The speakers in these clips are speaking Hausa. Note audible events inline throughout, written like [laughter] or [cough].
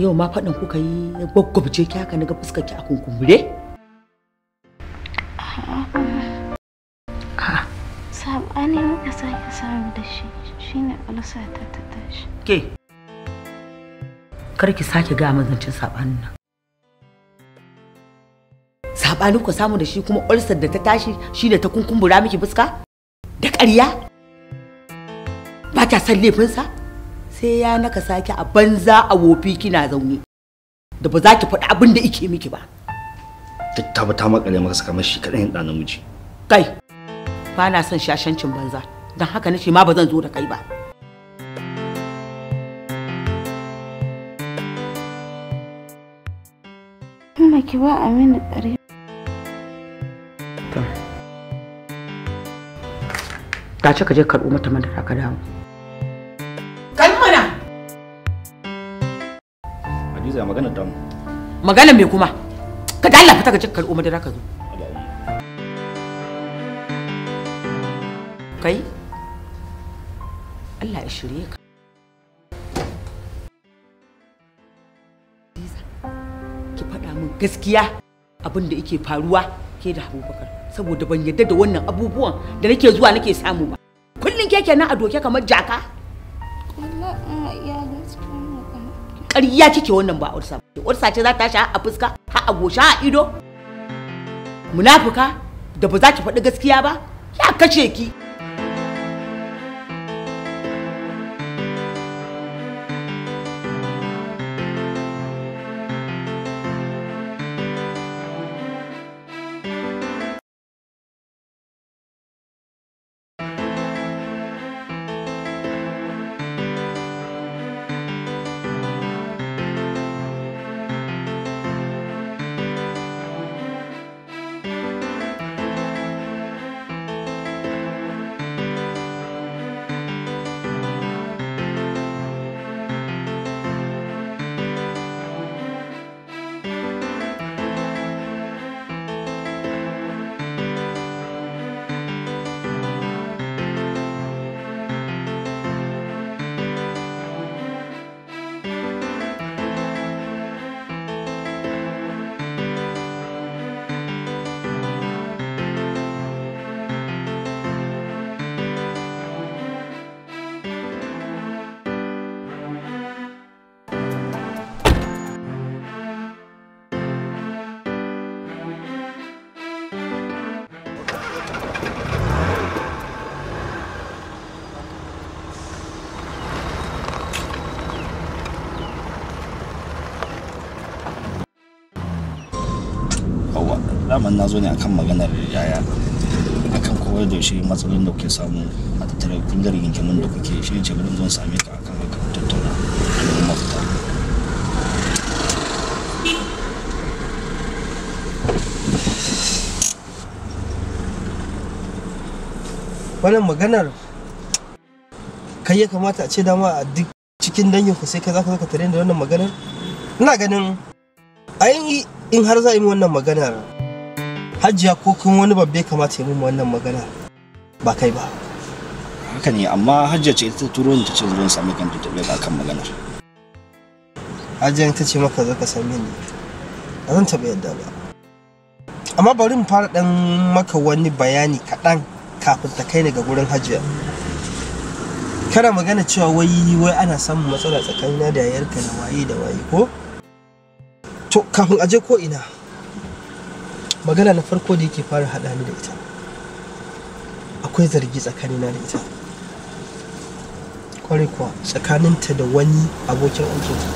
yau ma faɗin kuka yi gwaggwabce ki haka naga fuskar ki a kunkumbure sabani muka sake samu da shi shine ulsa ta ta tashi ke kar ki sake ga mazancin sabanin nan sabani kuka samu da shi kuma ulsar da ta tashi shine ta kunkumbura miki fuska da ƙarya ba ta san laifinsa sai ya naka sake a banza a wofi kina zaune da ba za ki faɗi abin da ike miki ba duk ta ba ta makale maka saka mashi kaɗan ɗan namiji kai ba na son shashancin banza don haka nace ma ba zan zo da kai ba Ina ki ba Aminu ƙarya. Ta. Ta ce ka je karɓo mata madara ka dawo. ya magana ta mu magana me kuma ka dalla fita ka je karɓo madara ka zo kai Allah ya shirye ka ki faɗa min gaskiya abin da yake faruwa ke da abubakar saboda ban yadda da wannan abubuwan da nake zuwa nake samu ba kullum keke na a doke kamar jaka Allah ya gaskiya ƙarya kike wannan ba ursa ursa ce za ta sha a fuska ha a ha a ido munafuka da ba za ki faɗi gaskiya ba ya kashe ki kamar na zo ne akan maganar yaya akan koyar da shi matsalolin da kuke samu a tattare kun da rigingimin da kuke shi ne ce zan zo same ka akan haka tattauna da mafita wannan maganar kai ya kamata a ce dama a duk cikin dangin ku sai ka zaka zaka tare da wannan maganar ina ganin ayin in har za a yi wannan maganar hajiya ko kun wani babbe kamata ya mun wannan magana ba kai ba haka ne amma hajiya ce ita turo ni ta ce zuwan sami kan tuntube ba kan maganar hajiya ta ce maka zaka same ni ba zan taɓa yadda ba amma bari mu fara dan maka wani bayani kaɗan kafin ta kai ni ga gurin hajiya kana magana cewa wai wai ana samun matsala tsakanina da yayarka da waye da waye ko to kafin aje ko ina magana na farko da yake fara haɗa ni da ita akwai zargi tsakanina da ita kwarai kuwa tsakaninta da wani abokin aikinta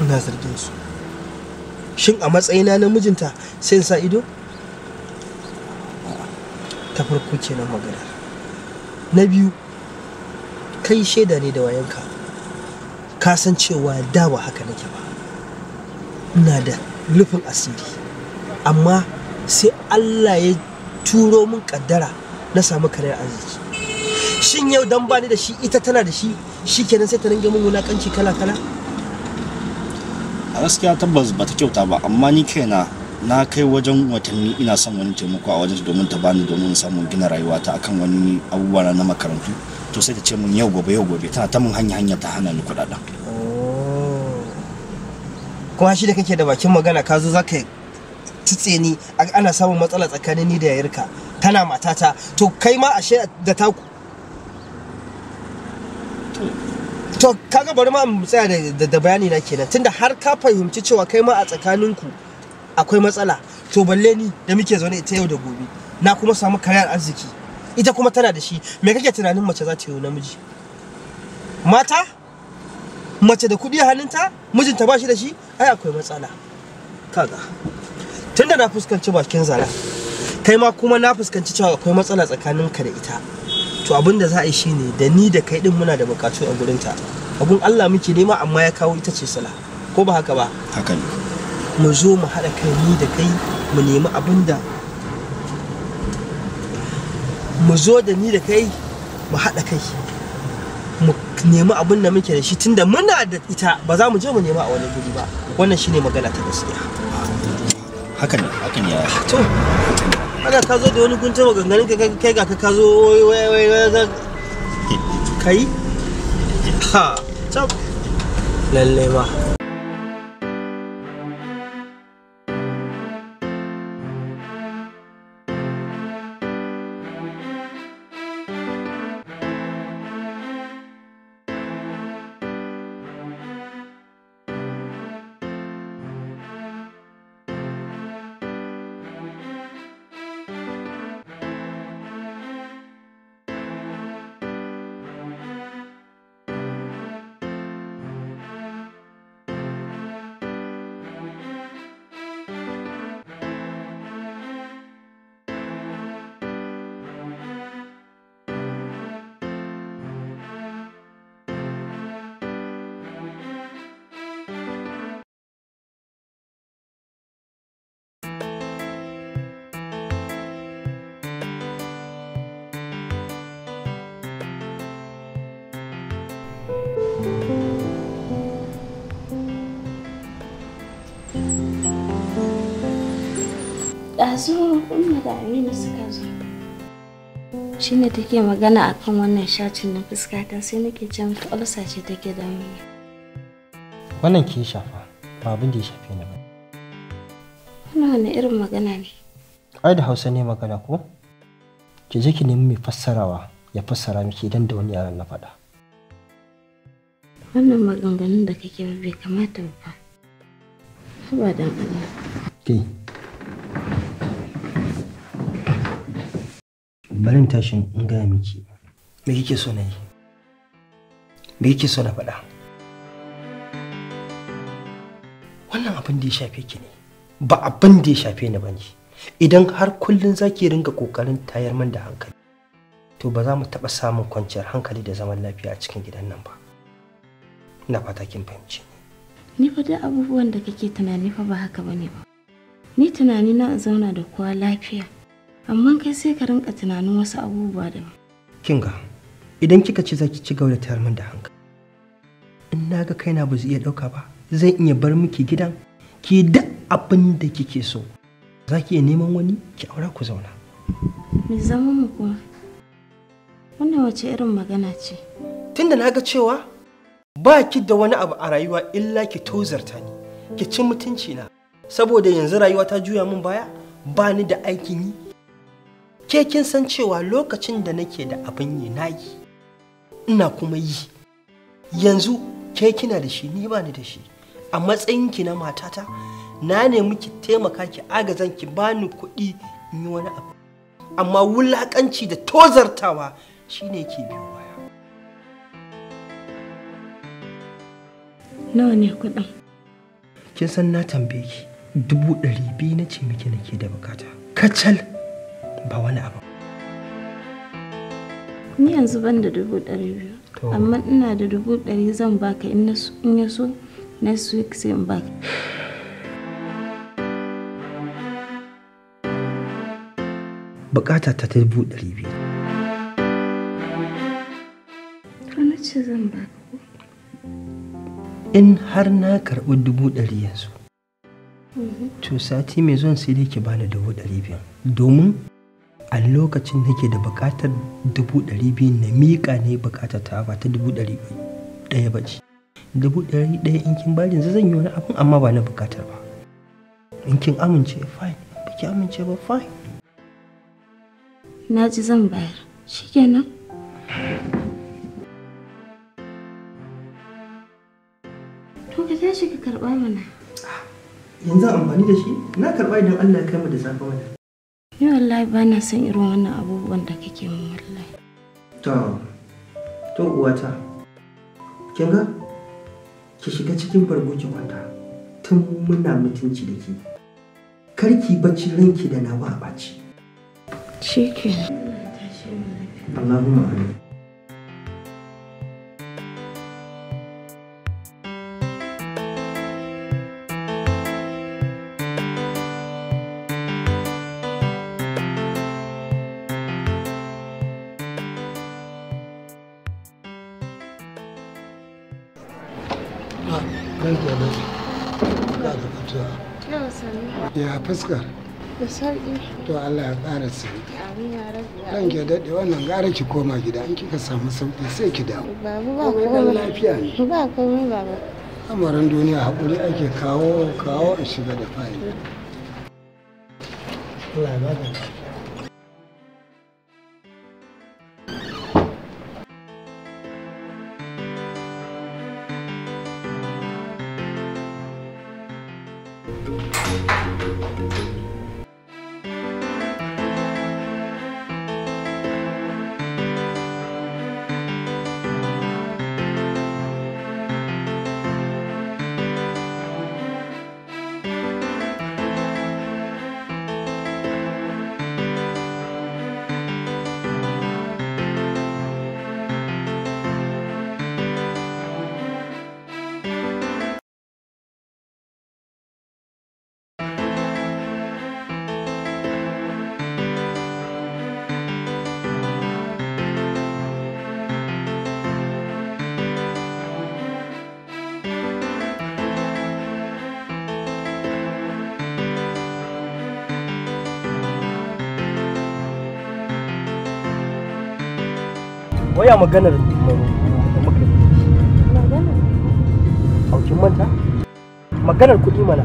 ina zargin su shin a matsayina na mijinta sai sa ido ta farko kenan magana na biyu kai shaida ne da wayanka ka san cewa da ba haka nake ba ina da rufin asiri amma sai Allah ya turo min kaddara na samu karyar arziki shin yau dan bani da shi ita tana da shi shi kenan sai ta ringa min wulakanci kala kala a gaskiya tabbas ba ta kyauta ba amma ni kaina na kai wajen watanni ina son wani taimako a wajen domin ta bani domin samun gina rayuwata akan wani abubuwa na makarantu to sai ta ce mun yau gobe yau gobe tana ta mun hanya hanya ta hana ni kuɗaɗen oh. kuma shi da kake da bakin magana ka zo za ka tutse ni ana samun matsala tsakanin ni da yayarka tana matata to kai ma ashe da taku to kaga bari ma mu tsaya da bayani na kenan tunda har ka fahimci cewa kai ma a tsakaninku akwai matsala to balle ni da muke zaune ita yau da gobe na kuma samu karyar arziki ita kuma tana da shi me kake tunanin mace za ta yi namiji mata mace da kuɗi hannunta mijinta ba shi da shi ai akwai matsala kaga tunda na fuskanci bakin zara kai ma kuma na fuskanci cewa akwai matsala tsakaninka da ita to abin da za a yi shine da ni da kai din muna da bukatu a gurinta abun Allah muke nema amma ya kawo ita ce sala ko ba haka ba haka ne mu zo mu haɗa kai ni da kai mu nemi abin da mu zo da ni da kai mu haɗa kai mu nemi abin muke da shi tunda muna da ita ba za mu je mu nema a wani guri ba wannan shine magana ta gaskiya hakan ne hakan ya to haka ka zo da wani gunta maganganun ka kai ga ka zo wai wai wai kai [laughs] ha tab lalle ba Aminu suka zo. Shi ne take magana akan wannan shacin na fuskata sai nake ce mata ulsa ce take da mu. Wannan ke shafa ba abin da ya shafe ni ba. Wannan wani irin magana ne? Ai da Hausa ne magana ko? Ki je ki nemi mai fassarawa ya fassara miki idan da wani yaran na faɗa. Wannan maganganun da kake bai kamata ba. Ba dan Allah. Ke. in tashin in gaya miki me kike so na me kike so na faɗa wannan abin da ya shafe ki ne ba abin da ya shafe ni bane idan har kullun zaki ringa kokarin tayar man da hankali to ba za mu taɓa samun kwanciyar hankali da zaman lafiya a cikin gidan nan ba na fata kin fahimci ni fa abubuwan da kake tunani fa ba haka bane ba ni tunani na zauna da kowa lafiya amma kai sai ka rinka tunanin wasu abubuwa da kinga idan kika ci zaki ci gaba da tayar min da hankali in na ga kaina ba zai iya ɗauka ba zan iya bar miki gidan ki duk abin da kike so za ki iya neman wani ki aura ku zauna me zama mu kuma wannan wace irin magana ce tunda na ga cewa ba ki da wani abu a rayuwa illa ki tozarta ni ki ci mutunci na saboda yanzu rayuwa ta juya min baya ba ni da aikin yi ke kin san cewa lokacin da nake da abin yi na yi ina kuma yi yanzu ke kina da shi ni ba ni da shi a matsayinki na matata na nemi ki taimaka ki agazan ki bani kuɗi in yi wani abu amma wulakanci da tozartawa shine ke biyo baya nawa ne kuɗin kin san na tambaye ki dubu ɗari biyu na ce miki nake da bukata kacal ba wani abu ni yanzu ban da dubu ɗari biyu amma ina da dubu ɗari zan baka in ya so next week sai in baka bukata ta ta dubu ɗari biyu na ce zan baka in har na karɓi dubu ɗari yanzu mhm. to sati mai zuwan sai dai ki bani dubu ɗari biyu domin a lokacin nake da buƙatar dubu ɗari biyu na miƙa ne buƙatar ta ba ta dubu ɗari ɗaya ba ce dubu ɗari ɗaya in kin bari yanzu zan yi wani abin amma ba na buƙatar ba in kin amince fine ba ki amince ba fine na ji zan bayar shikenan to ka tashi ka karɓa mana yanzu amfani da shi na karɓa idan Allah ya kai mu da safe wannan Ni wallahi ba na son irin wannan abubuwan da kake min wallahi. To, to uwata, kin ga? Ki shiga cikin barbuki ki kwanta tun muna mutunci da ke. Kar ki bacci ranki da nawa a baci Shi ke. Allahumma amin. fuskar da sauki to Allah ya ƙara su amin ya ke dade wannan gara ki koma gida in kika samu sauki sai ki dawo babu ba lafiya ne ba komai baba amaran duniya hakuri ake kawo kawo in shiga da fa'ida mm. Allah ya baka ya maganar manta maganar kuɗi mana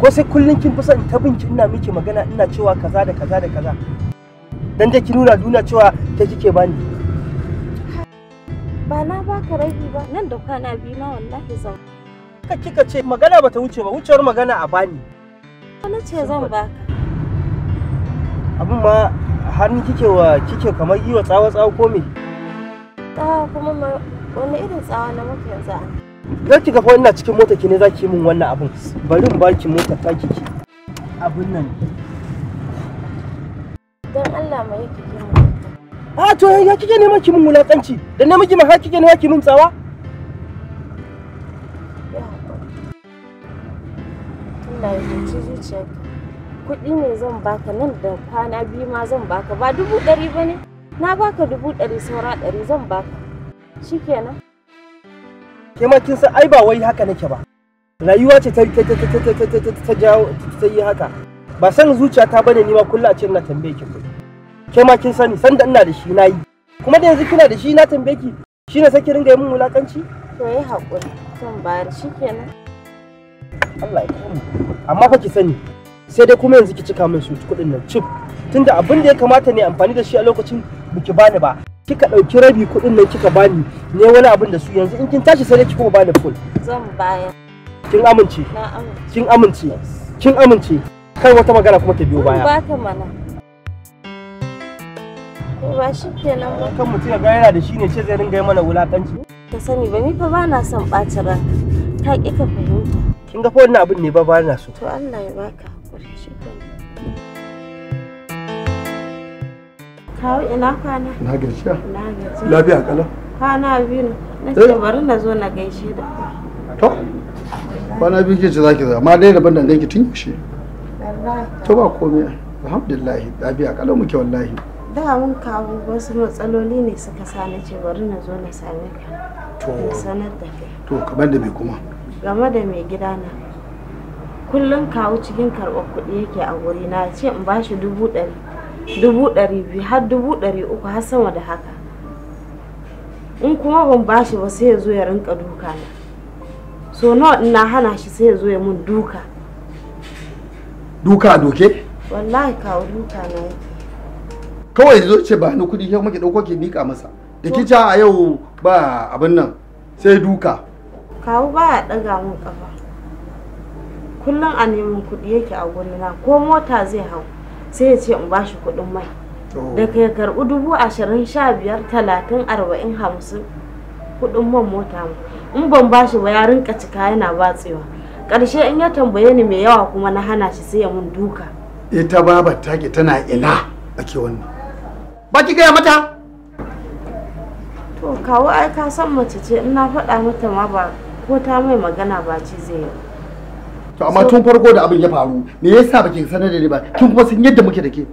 ko sai kullum kin fi son ta binki ina miki magana ina cewa kaza da kaza da kaza dan dai ki nuna duna cewa ta kike bani ba na baka rabi ba nan da kwana biyu ma wallahi zan ka kika ce magana bata wuce ba wucewar magana a bani na ce zan baka abin ma har ni kike wa kike kamar yi wa tsawa tsawa ko me ta kuma wani irin tsawa na mafi yanzu a za ki ga ina cikin mota ki ne za ki min wannan abun bari in baki mota ta ki ki abun nan dan Allah mai kike mu a to ya kike ne maki min wulakanci da ne miki ma ha kike ne ki min tsawa Allah ya kuɗi ne zan baka nan da kwana biyu ma zan baka ba dubu ɗari ba ne na baka dubu ɗari saura ɗari zan baka shikenan ke ma kin san ai ba wai haka nake ba rayuwa ce ta ta ta ta ta ta ta jawo ta yi haka ba san zuciya ta bane ni ma kullu a ce ina tambaye ki kuɗi ke ma kin sani san da ina da shi na yi kuma da yanzu kina da shi na tambaye ki shine sai ki ringa yi min wulakanci to yi haƙuri zan bayar shikenan Allah ya kama amma fa ki sani sai dai kuma yanzu ki cika min su kuɗin nan cif tunda abin da ya kamata ne amfani da shi a lokacin biki bani ba kika ɗauki rabi kuɗin nan kika bani ne wani abin da su yanzu in kin tashi sai ki kuma bani full zan bayar kin amince na amince kin amince kin amince kai wata magana kuma ta biyo baya ba ta mana ba shi kenan ba kan mutum ya ga yana da shi ne ce zai ringa yi mana wulakanci Ka sani ba ni fa ba na son ɓacin ran ta ƙi ka fahimta kin ga fa wannan abin ne ba ba na so to Allah ya baka hakuri shi kenan Kawo ina kwana? Na gajiya. Na gajiya. Lafiya kala? Kwana biyu ne. Na ce eh? bari na zo na gaishe da. To. Kwana biyu ke ce zaki zo amma dai da da danki tun yaushe. To ba komai. Alhamdulillah lafiya kala muke wallahi. Da mun kawo wasu matsaloli ne suka sa na ce bari na zo na same ka. To. Na sanar da kai. To kamar da me kuma? Game da mai gida na Kullum kawo cikin karɓar kuɗi yake a na ce in bashi dubu ɗari. dubu ɗari biyu har dubu ɗari uku har sama da haka in kuma ban bashi ba sai ya zo ya rinka duka na so nawa ina hana shi sai ya zo ya mun duka duka a doke wallahi kawo duka na yake kawai zo ce ba ni kuɗi kuma k'i ɗauko k'i mika masa da kica a yau ba abin nan sai duka kawo ba ya ɗaga mun kafa kullum a neman kuɗi yake a gurina ko mota zai hau sai ya ce in ba shi kuɗin mai oh. daga ya karɓi dubu ashirin sha biyar talatin arba'in hamsin kuɗin man mota mu in ban bashi ba ya rinka cika yana batsewa ƙarshe in ya tambaye ni mai yawa kuma na hana shi sai ya mun duka ita babar taki tana ina ake wannan ba ki gaya mata to kawo ai ka san mace ce in na faɗa mata ma ba ko ta mai magana ba ci zai yi to amma tun farko da abin ya faru me yasa baki sanar da ni ba kin kuma sun yadda muke da ke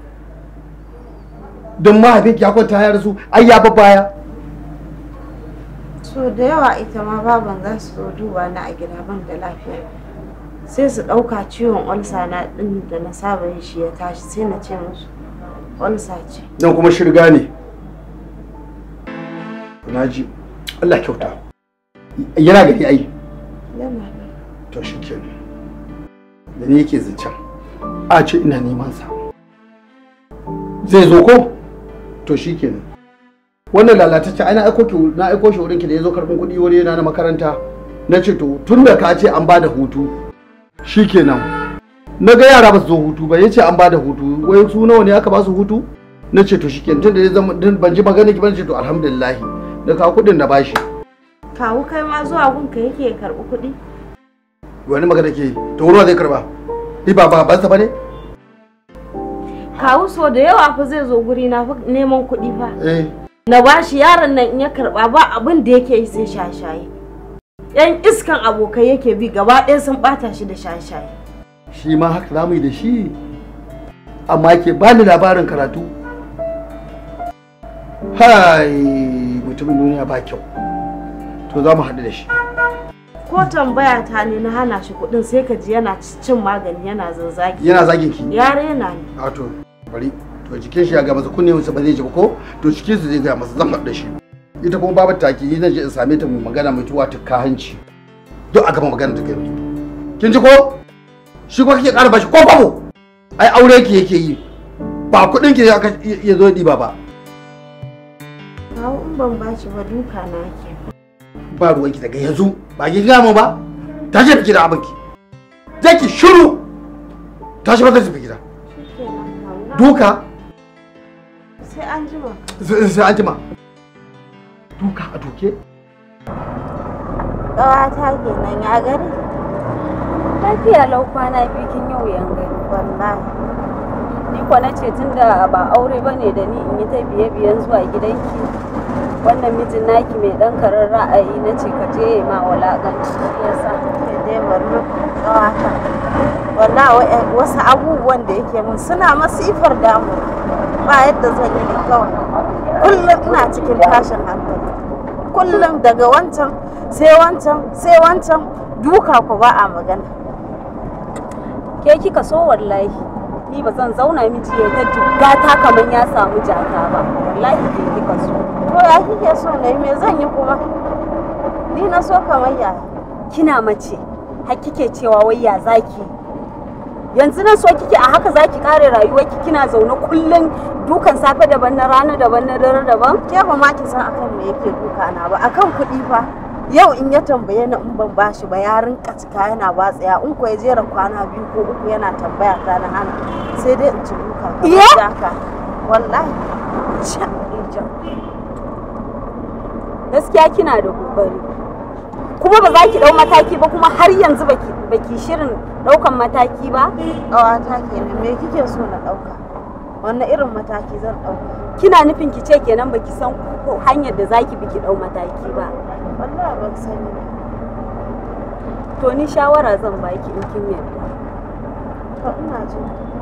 don mahaifinki ya kwanta ya rasu ai ya baya to da yawa ita ma baban za su duba na a gida ban da lafiya sai su ɗauka ciwon olsa na ɗin da na saba yin shi ya tashi sai na ce musu olsa ce nan kuma shirga ne na ji Allah kyauta yana gari ai yana to shi kenan da ni yake zancen a ce ina neman sa zai zo ko to shikenan wannan lalatacce ai na aiko ki na aiko shi wurin ki da yazo karɓin kudi wuri na makaranta na ce to tun da ka ce an bada hutu shikenan na ga yara ba su zo hutu ba yace an bada hutu wai su nawa ne aka ba su hutu na ce to shikenan tun da zama ban ji magana ki ban ce to alhamdulillah da ka kudin da bashi kawu kai ma zuwa gunka yake karɓi kudi. wani magana ke to ruwa zai karba ni ba ba sa bane kawu so da yawa fa zai zo guri na neman kuɗi fa eh. na bashi yaron nan in ya karba ba abin da yake sai shashaye yan iskan abokai yake bi gaba ɗaya sun bata shi da shashaye shi ma haka za yi da shi amma ke ba ni labarin karatu hai mutumin duniya ba kyau to za mu haɗu da shi ko tambaya ta ne na hana shi kuɗin sai ka ji yana cin magani yana zanzagi yana zagin ki ya rena ni a to bari to jikin shi ya ga masa kunne masa ba zai ji ko to jikin su zai ga masa zan haɗa shi ita kuma babu taki ni zan je in same ta magana mai tuwa ta kahanci duk a gama magana ta kai kin ji ko shi kuma kike ƙara bashi ko babu ai aure ki yake yi ba kuɗin ki ya zo ɗiba ba. Kawo in ban bashi ba duka na ki. ba ruwanki daga yanzu ba ki gaya mu ba tashi fi gida abinki abin ki shiru tashi ba tashi fi gida duka sai an jima sai an jima duka a doke ƙawata kenan ya gari lafiya lau kwana biyu kin yau yan gari wallahi ni kwana na ce tun da ba aure bane da ni in yi ta biye-biyen zuwa gidanki wannan mijin naki mai dan karar ra'ayi na ce ka je ma walakanci yasa ke dai marru kawata eh, wasu abubuwan da yake mun suna masifar damu ba yadda zan yi kawai kullum ina cikin tashin hankali kullum daga wancan sai wancan sai wancan duka ku ba a magana ke kika so wallahi ni ba zan zauna miji ya ta jigga ta kamar ya samu jaka ba wallahi ke kika so To ya kike so na yi me zan yi kuma? Ni na so kamar ya. Kina mace, har kike cewa wai ya zaki. Yanzu na so kike a haka zaki kare rayuwarki kina zaune kullun dukan safe daban na rana daban na dare daban. Ke ba ma ki san akan me yake duka na ba, akan kuɗi fa. Yau in ya tambaye ni in ban bashi ba ya rinka yana batsaya in ko ya jera kwana biyu ko uku yana tambaya ta na hana sai dai in ci duka. ka Wallahi. Can gaskiya kina da kokari kuma ba za ki dau mataki ba kuma har yanzu baki baki shirin daukan mataki ba wata kenan me kike so na dauka wanne irin mataki zan dauka kina nufin ki ce kenan baki san ko hanyar da zaki bi ki dau mataki ba wallahi ban sani to ni shawara zan baki in kin yarda to ina jin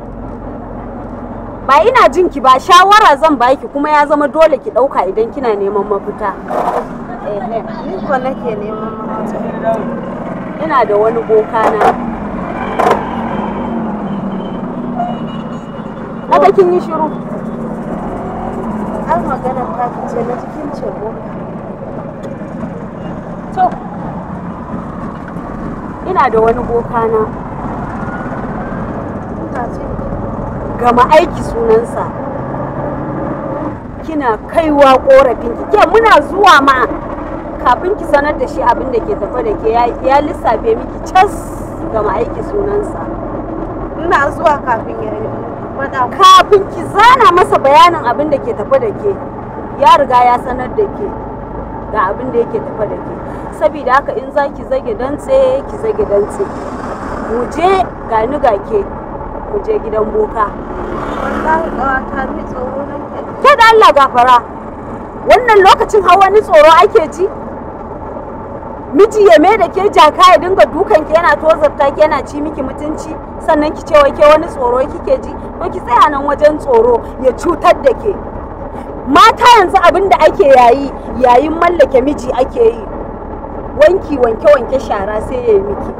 ba ina jin ki ba shawara zan baki kuma ya zama dole ki dauka idan kina neman mafita ni ko nake neman mafita ina da wani boka na ba kin yi shiru an magana ta ce na cikin ce boka to ina da wani boka na ina ce gama aiki sunansa kina kaiwa korafin ki ke muna zuwa ma kafin ki sanar da shi abin da ke tafa da ke ya lissafe miki cas gama aiki sunansa ina zuwa kafin ya kafin ki zana masa bayanin abin da ke tafa da ke ya riga ya sanar da ke ga abin da yake tafa da ke saboda haka in za ki zage dantse ki zage dantse mu je ga ni ga ke ku je gidan boka wallahi ke da Allah gafara wannan lokacin hawa ni tsoro ake ji miji ya mai da ke jaka ya dinga dukan ke yana tozarta ke yana ci miki mutunci sannan ki ce ke wani tsoro kike ji ko ki tsaya nan wajen tsoro ya cutar da ke mata yanzu abin da ake yayi yayin mallake miji ake yi wanki wanke wanke shara sai ya yi miki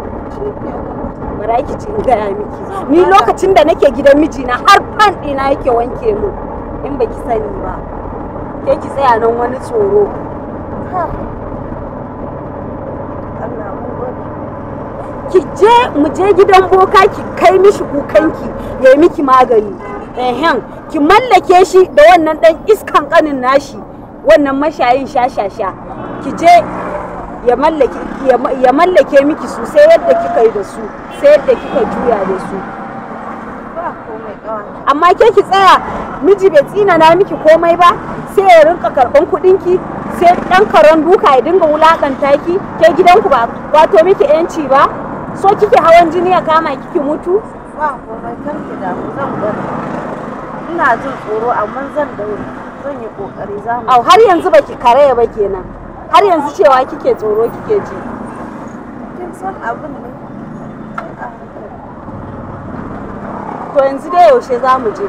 bara ki ci gaya miki ni lokacin da nake gidan mijina har fan ɗina yake wanke mu in baki sani ba ke ki tsaya nan wani tsoro ki je mu je gidan boka ki kai mishi kukanki ya yi miki magani ehem ki mallake shi da wannan dan iskan kanin nashi wannan mashayin sha sha sha ki je ya mallake miki su sai yadda kika yi da su sai yadda kika juya da su amma ke ki tsaya miji bai tsina na miki komai ba sai ya rinka karban kudinki sai dan karon duka ya dinga wulaƙanta ki ke gidanku ba wato miki yanci ba so kike hawan jini ya kama kiki mutu ba komai kar ki damu zan bari ina jin tsoro amma zan daure zan yi kokari za mu har yanzu baki karaya ba kenan har yanzu cewa kike tsoro kike ji kin san ne to yanzu dai yaushe za mu je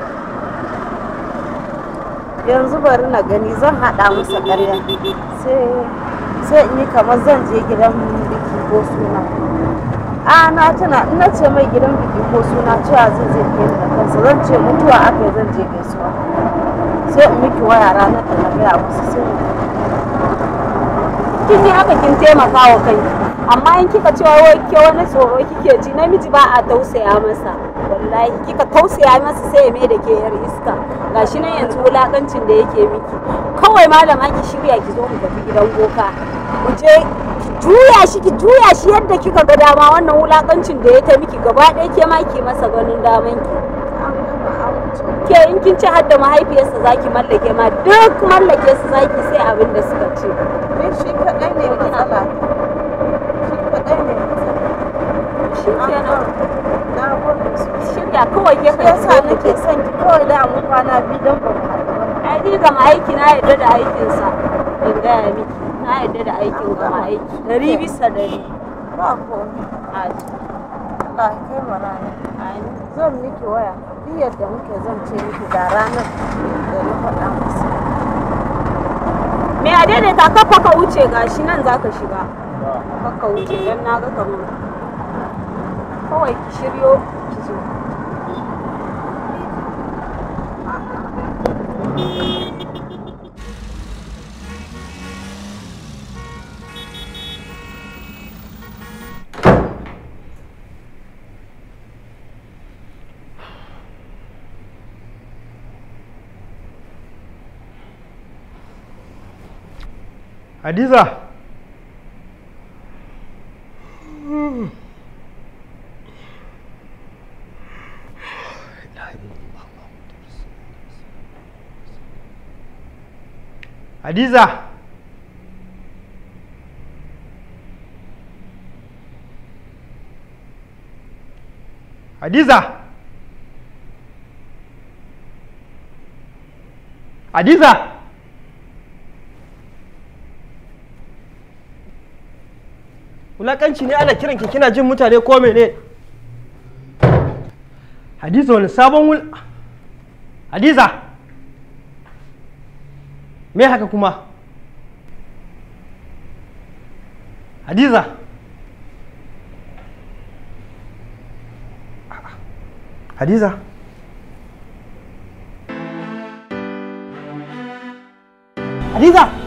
yanzu bari na gani zan haɗa musa ƙarya sai in yi kamar zan je gidan biki ko suna a na tuna ina ce mai gidan biki ko suna cewa zai je fiye da kansa zan ce mutuwa aka zan je gaisuwa sai in miki waya ranar da na gaya musu sai kiki haka kin taimaka wa kai amma in kika cewa wai ke wani tsoro kike ji namiji ba a tausaya masa wallahi kika tausaya masa sai ya mai da ke yar iska gashi nan yanzu wulakancin da yake miki kawai malama ki shirya ki zo mu tafi gidan boka ku je ki juya shi ki juya shi yadda kika ga dama wannan wulakancin da ya ta miki gaba ɗaya ke ma ki masa ganin daman ki ke in kin ci har da mahaifiyarsa zaki mallake ma duk mallake su zaki sai abin da suka ce shi kaɗai ne matsala shi kaɗai ne shi kenan na gode shirya kawai ya kai sa nake son ki kawai da mu kwana biyu don ba mu haɗu ba ai ni gama aiki na yarda da aikinsa in gaya miki na yarda da aikin gama aiki dari bisa dari ba Ko a Allah ya kai mu rana zan miki waya duk yadda muke zan ce miki ga ranar da na faɗa musu me a daidaita kafa ka wuce gashi nan za ka shiga wuce don na ga kamar kawai ki shiryo hadiza hadiza hadiza hadiza wulakanci ne ana kiranki kina jin mutane ko mene hadiza wani sabon wul hadiza me haka kuma hadiza hadiza hadiza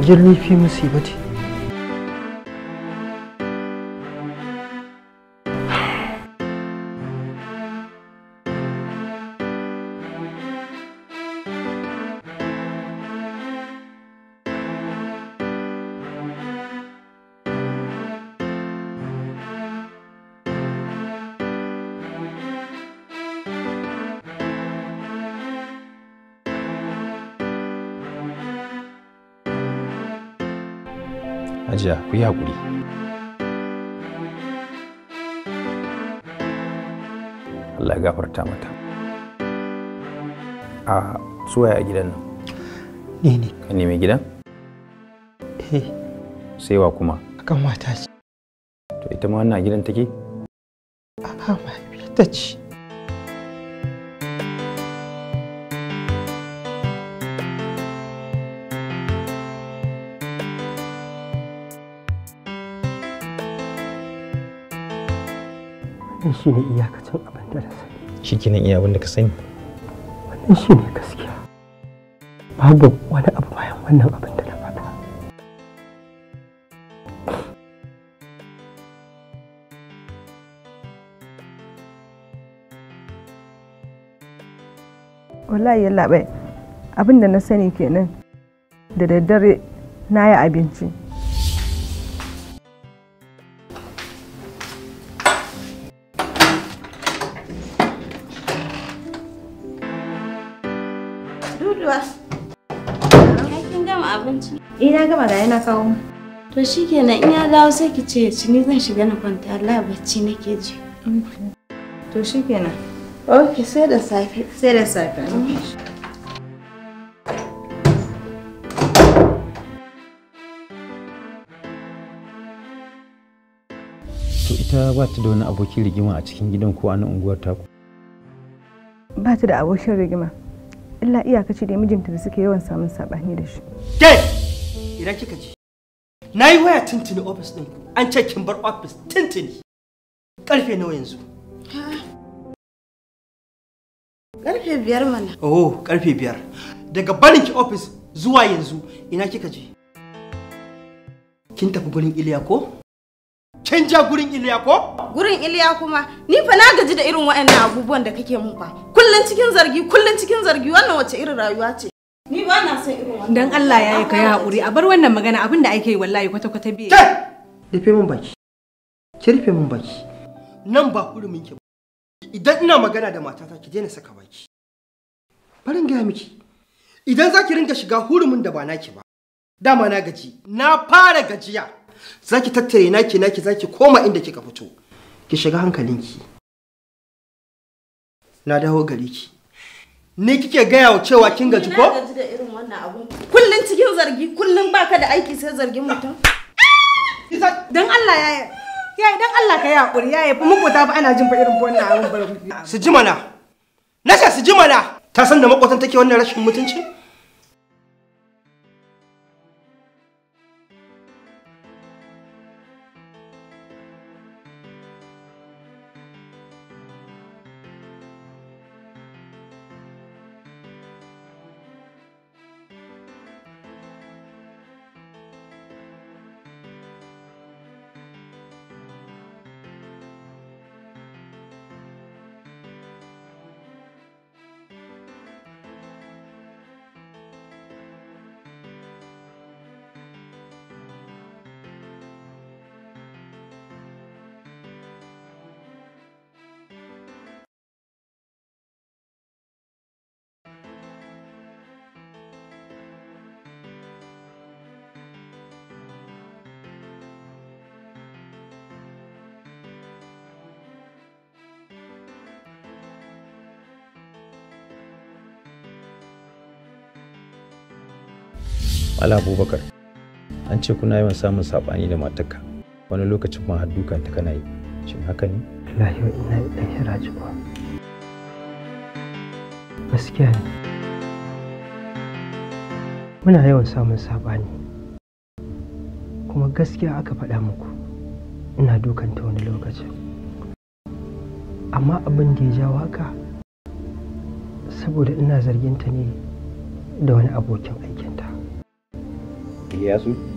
ajiyar ba musibati ku yi haƙuri Allah ya gafarta mata a a gidan nan ni ne ka gidan eh sai wa kuma akan mata ce to ita ma wannan gidan take a'a mahaifiyar ta ce wannan shi ne iyakacin abin da na sani shi ke iya abin da ka sani wannan shi ne gaskiya babu wani abu bayan wannan abin da na faɗa wallahi yalla bai abin da na sani kenan da daddare na yi abinci kawo. To shi kenan in ya dawo sai ki ce shi ni zan shiga na kwanta Allah bacci nake ji. To shi kenan. Ok sai da safe sai da safe. To ita ba ta da wani abokin rigima a cikin gidan ko a unguwar unguwar taku? Ba ta da abokin rigima. Illa iyakaci da mijinta da suke yawan samun saɓani da shi. idan kika ji? Na yi waya tintini ofis ɗin an ce kin bar ofis tintini Karfe nawa yanzu? Karfe biyar mana. Oh, karfe biyar. Daga barin ki ofis zuwa yanzu ina kika je? Kin tafi gurin Iliya ko? Kin ja gurin Iliya ko? Gurin Iliya kuma ni fa na gaji da irin waɗannan abubuwan da kake mun ba Kullun cikin zargi, kullun cikin zargi wannan wace irin rayuwa ce? Ni ba na san irin wannan. Dan Allah ya yi ka haƙuri a bar wannan magana abinda da ake yi wallahi kwata-kwata biye. Rufe min baki. Ki rufe min baki. Nan ba hurumin ki Idan ina magana da matata ki daina saka baki. Barin gaya miki. Idan zaki ki ringa shiga hurumin da ba naki ba. Dama na gaji. Na fara gajiya. Za ki tattare naki naki za ki koma inda kika fito. Ki shiga hankalinki. Na dawo gare ki. ni kike gaya wa cewa kin gaji ko? Ina da irin wannan abun. Kullun cikin zargi, kullun baka da aiki sai zargin mutum. Dan Allah ya ya dan Allah ka yi hakuri ya yi makota ba ana jin fa irin wannan abun ba. Su ji mana. Na su ji mana. Ta san da makotan take wannan rashin mutunci? Mala Abubakar, an ce kuna yawan samun saɓani da matarka, wani lokacin ma har ta kana yi. Shin haka ne? Lahiyo ina ilaihi raji'un. Gaskiya ne. Muna yawan samun saɓani. Kuma gaskiya aka faɗa muku, ina dukanta wani lokacin. Amma abin da ya jawo haka, saboda ina zarginta ne da wani abokin aikin. E é azul.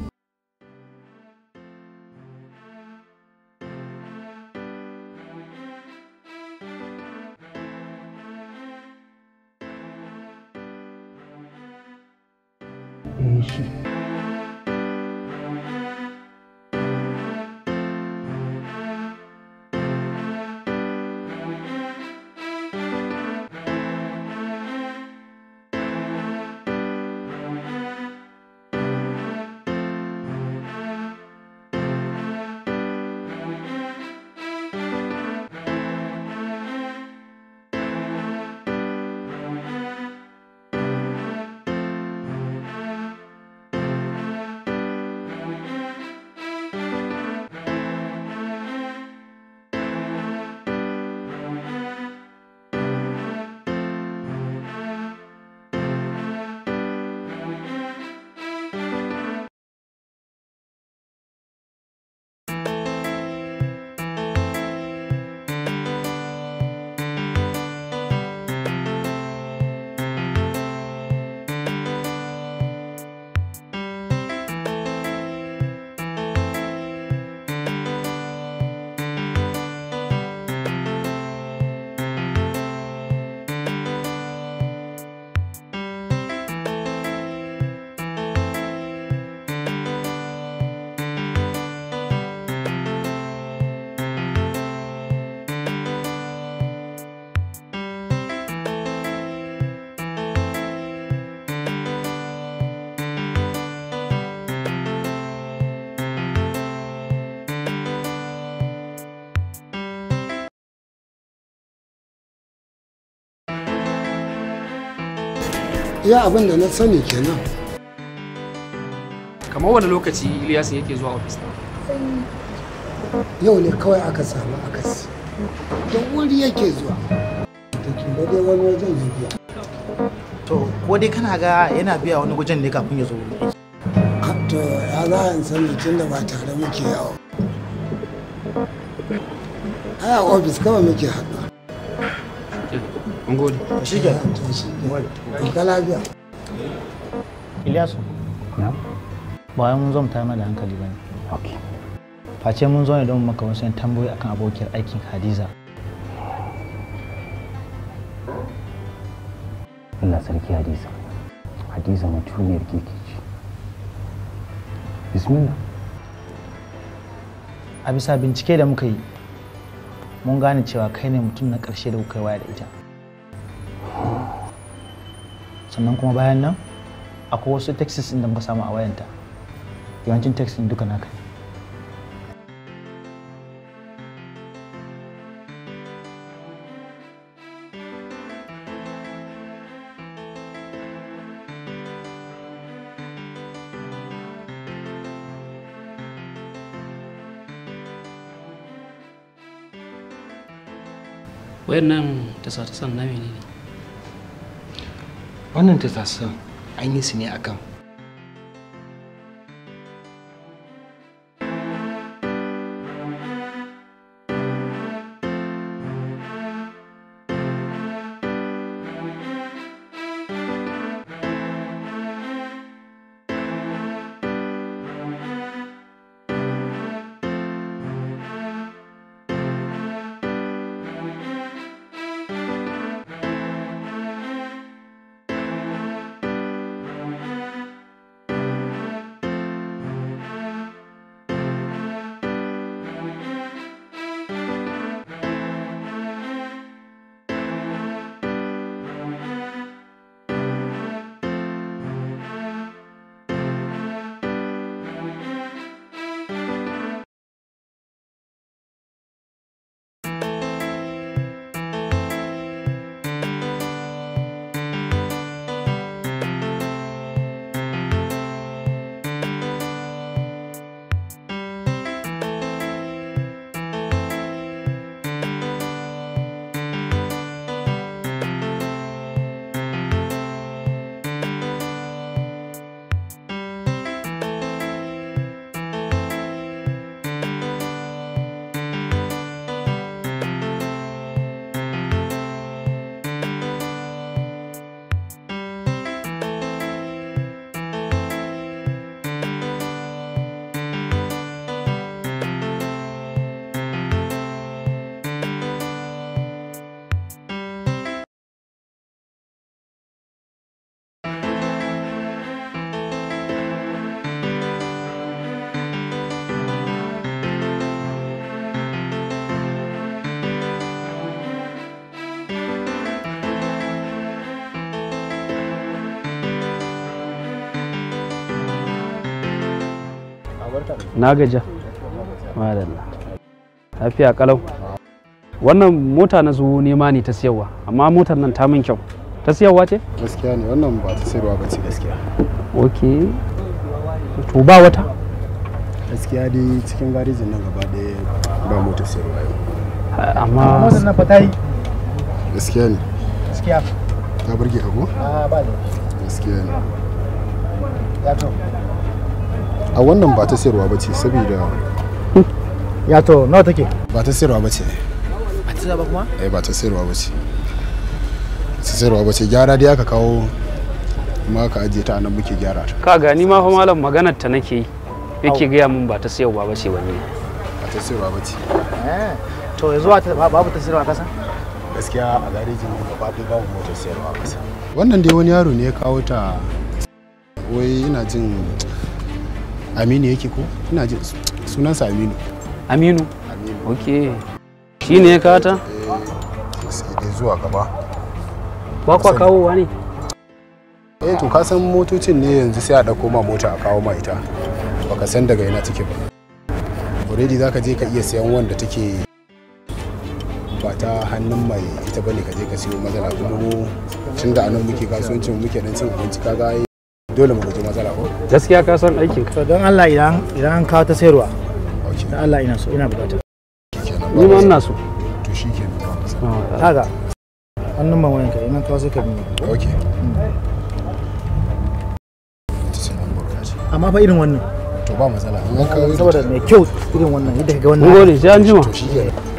iya abin da na sani kenan kamar wani lokaci Ilyas yake zuwa ofis yau ne kawai aka samu akasi da wuri yake zuwa da dai wani wajen ya biya to ko dai kana ga yana biya wani wajen ne kafin ya zo wuri to ya za a sani tun da ba tare muke yawo a ofis kawai muke haɗu gode shi ke ta lafiya Ilyasu na mun da hankali bane okay face mun zo ne don maka wasu tambayoyi akan abokiyar aikin Hadiza Allah sarki Hadiza Hadiza ce Bismillah a bisa bincike da muka yi mun gane cewa kai ne mutum na ƙarshe da kuka waya da ita sannan kuma bayan nan akwai wasu texas ɗin da muka samu a wayanta yawancin texas in duka naka ne wayannan tasa-tasan na menene wannan ta an yi su ne akan na gaja madalla lafiya kalau wannan mota na zuwo nema ne ta siyarwa amma motar nan ta min kyau ta siyarwa ce gaskiya ne wannan ba ta siyarwa ba ce gaskiya ok to ba wata gaskiya dai cikin garejin nan gaba ɗaya ba motar siyarwa yau amma motar na fata yi gaskiya ne gaskiya ta burge ka ko a ah, ba ne gaskiya ne ya to a wannan ba ta sayarwa ba ce saboda ya to nawa take ba ta sayarwa ba ce ba ta sayarwa kuma eh ba ta sayarwa ba ce ta sayarwa ba ce gyara dai aka kawo kuma aka ajiye ta anan muke gyara ta ka gani ma fa malam maganar ta nake yi yake gaya min ba ta sayarwa ba ce wani. ba ta sayarwa ba ce eh to yanzu babu ta sayarwa kasa gaskiya a garejin ba ɗaya babu motar sayarwa kasa wannan dai wani yaro ne ya kawo ta wai ina jin aminu yake ko ina jin sunansa aminu aminu ok shi ne ya kata. Eh, sai dai zuwa gaba ba kwa kawo ne eh to ka san motocin ne yanzu sai a dauko ma mota a kawo ma ita baka san daga ina take ba already zaka je ka iya sayan wanda take ba ta hannun mai ita bane ka je ka siyo matsala kuma mu tun da anan muke kasuwancin muke dan cin abinci kaga dole mu guji matsala ko gaskiya ka san aikin ka don Allah idan idan an kawo ta sayarwa don Allah ina so ina bukata ni ma ina so to shikenan ah. ka masa kaga wannan ban kai nan kawo sai ka bi okay hmm. amma fa irin wannan to ba matsala in an kawo saboda mai kyau irin wannan yadda ga wannan gode sai an jima to shikenan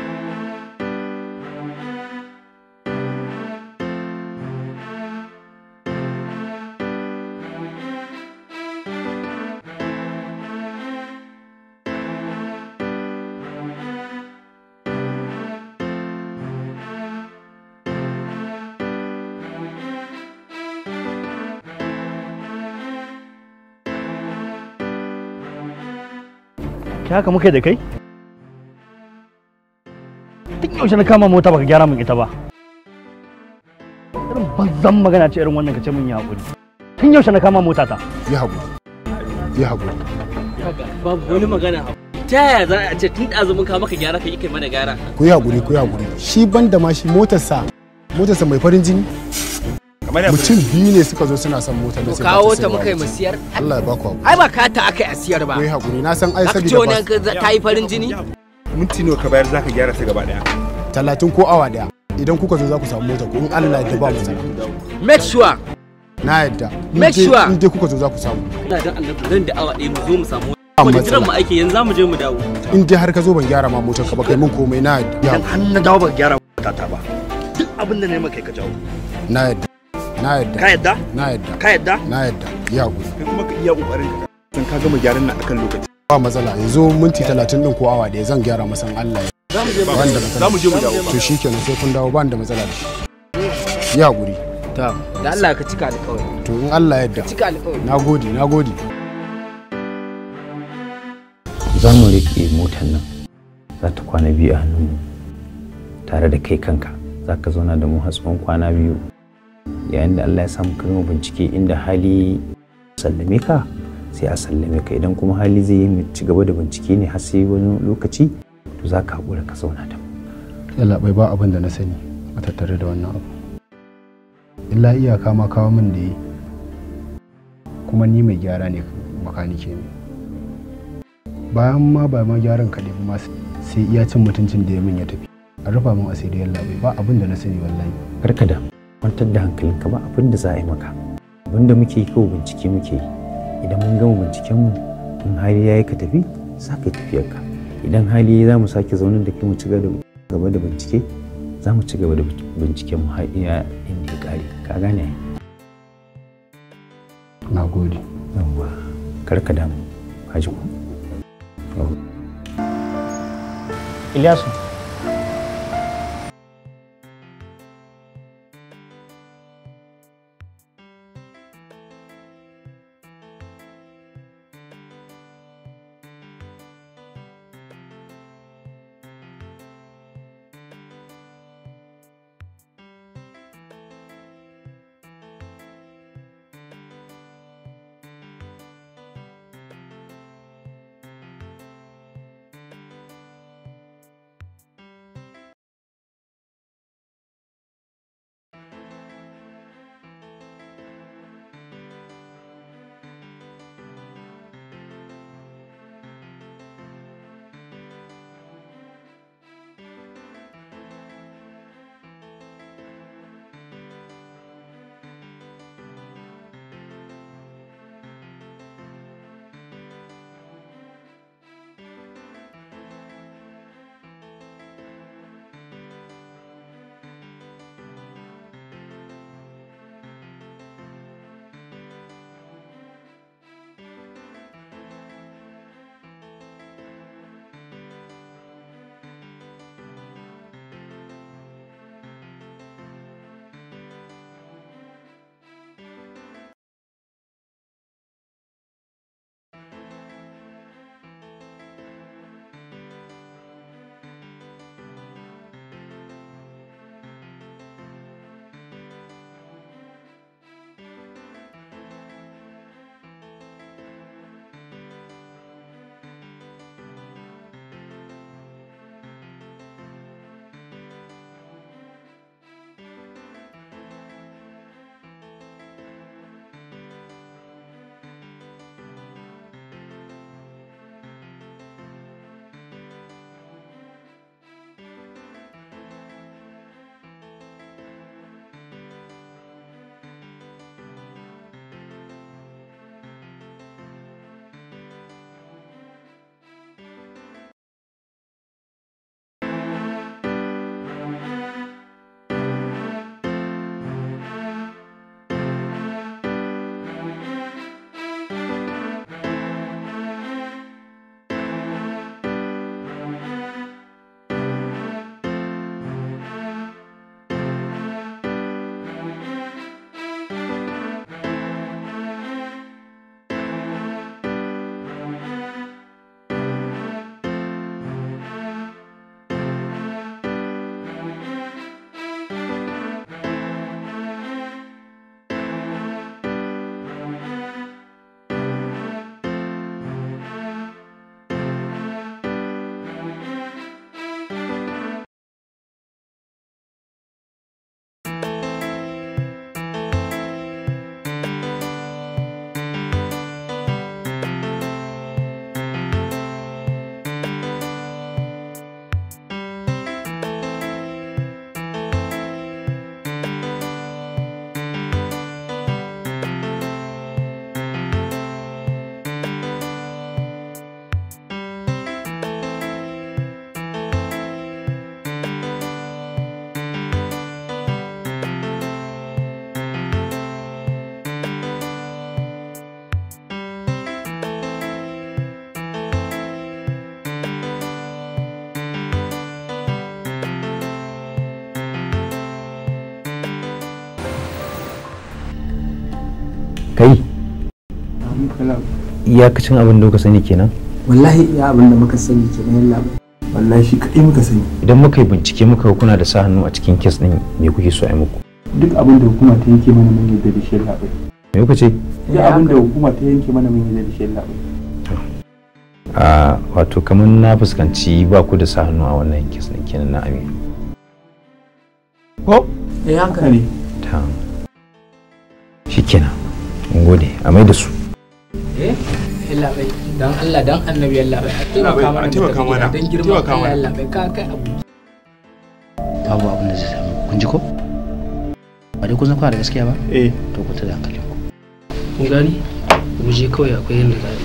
haka muke da kai tun yaushe na kama mota baka gyara min ita ba irin banzan magana ce irin wannan ka ce min ya haƙuri tun yaushe na kama mota ta ya haƙuri ya haƙuri babu wani magana ta yaya za a ce tun kama ka maka gyara ka yi kai mana gyara ku yi haƙuri ku yi haƙuri shi ban da ma shi motarsa motarsa mai farin jini mutum biyu ne suka zo suna son mota. da sai kawo ta muka yi musiyar Allah ya ba ku ai ba ka ta aka yi asiyar ba kai hakuri na san ai saboda ba ta yi farin jini minti nawa ka bayar zaka gyara ta gaba daya talatin ko awa daya idan kuka zo za ku samu mota ko in Allah ya ba mu make sure na yadda make sure in dai kuka zo za ku samu ina dan Allah dan da awa ɗaya mu zo mu samu wani jiran mu aiki yanzu mu je mu dawo in dai har ka zo ban gyara ma motar ka ba kai mun komai na yadda dan har na dawo ban gyara ta ba duk abin da ne maka ka jawo na yadda na yadda ka yadda na yadda ka yadda na yadda ya gudu kai kuma ka iya kokarin ka san ka gama gyaran nan akan lokaci ba matsala yanzu minti 30 din ko awa da zan gyara masan Allah ya za mu je mu dawo to shikenan sai kun dawo ba da matsala da shi ya guri ta da Allah ka cika alƙawari to in Allah yadda ka cika alƙawari nagode nagode za mu riƙe motar nan za ta kwana biyu a hannunmu tare da kai kanka za ka zauna da mu har tsawon kwana biyu yayin da Allah ya samu kama bincike inda hali sallame ka sai a sallame ka idan kuma hali zai yi ci gaba da bincike ne har sai wani lokaci to za ka haƙura ka zauna ta. Allah bai ba abin da na sani a tattare da wannan abu. Illa iyaka ma kawo min da kuma ni mai gyara ne makanike ne. Bayan ma ba ma gyaran ka kaɗai ma sai iya cin mutuncin da ya min ya tafi. An rufa min asiri yalla bai ba abin da na sani wallahi. da. kwantar da hankalinka ba abin da za a yi maka abin da muke yi kawai bincike muke yi idan mun gama binciken mu in hali ya yi ka tafi za ka tafiyar ka idan hali za mu sake zaunar da kai mu ci gaba da bincike za mu ci gaba da binciken mu har iya inda ya kare ka gane na gode yawwa karka damu ka ji ku Ilyasu. iyakacin abin da kuka sani kenan wallahi iya abin da muka sani kenan yalla wallahi shi kadai muka sani idan muka yi bincike muka kuna da sa hannu a cikin kes din me kuke so a muku duk abin da hukuma ta yanke mana mun yadda da shi yalla me kuka ce duk abin da hukuma ta yanke mana mun yadda da shi yalla a wato kamar na fuskanci ba ku da sa hannu a wannan kes din kenan na amin. ko eh haka ne ta shikenan gode a mai da su yalla bai dan Allah dan annabi bai a taimaka mana a taimaka mana dan girma Allah bai ka kai abu babu abin da zai samu kun ji ko ba dai kun san da gaskiya ba eh to ku ta da hankali ku kun gani mu je kawai akwai yanda za